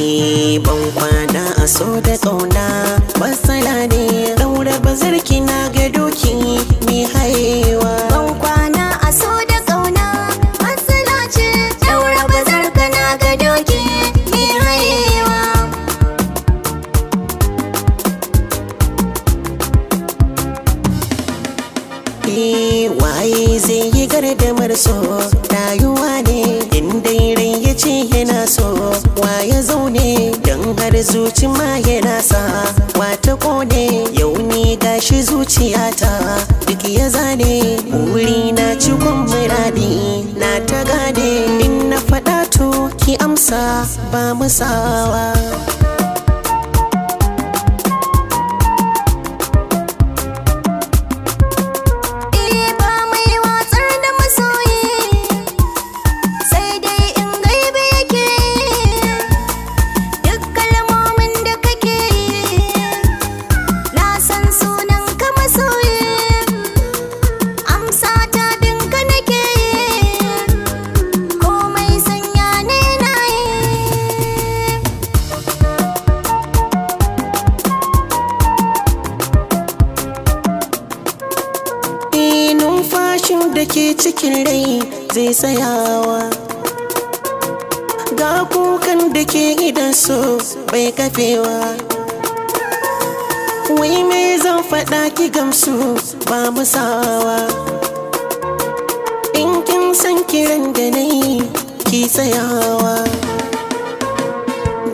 ban kwana a so da tsona matsala ne daura bazarki na ga doki mai hayewa ban kwana a so da tsona matsala ce daura bazarka na ga doki mai hayewa eh, waye zai yi gardamar so kamar zuci ma yana sa wata kone yauni ni zuciya ta duk ya zane wuri na cikon muradi na ta gane in na faɗa to ki amsa ba musawa Kishin da ke cikin rai zai tsayawa Ga kukan da ke idan so bai kafewa Wai mai zan faɗa ki gamsu ba musawa In kin san kiran da na yi ki tsayawa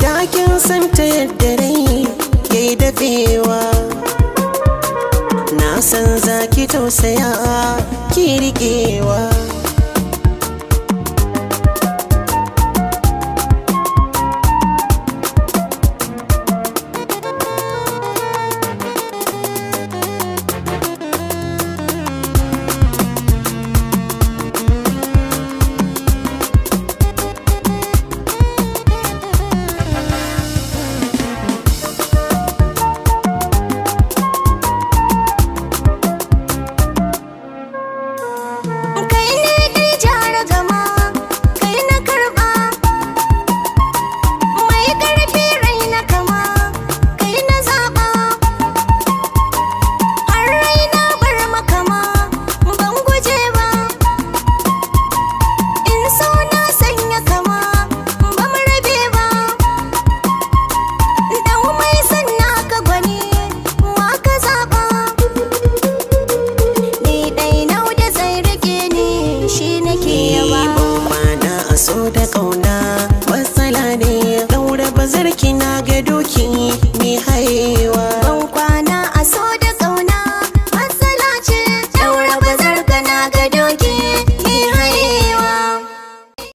Da kin san ta yadda na yi yayi dafewa na san zaki tausaya ki rikewa zarki na ga doki mai haiwa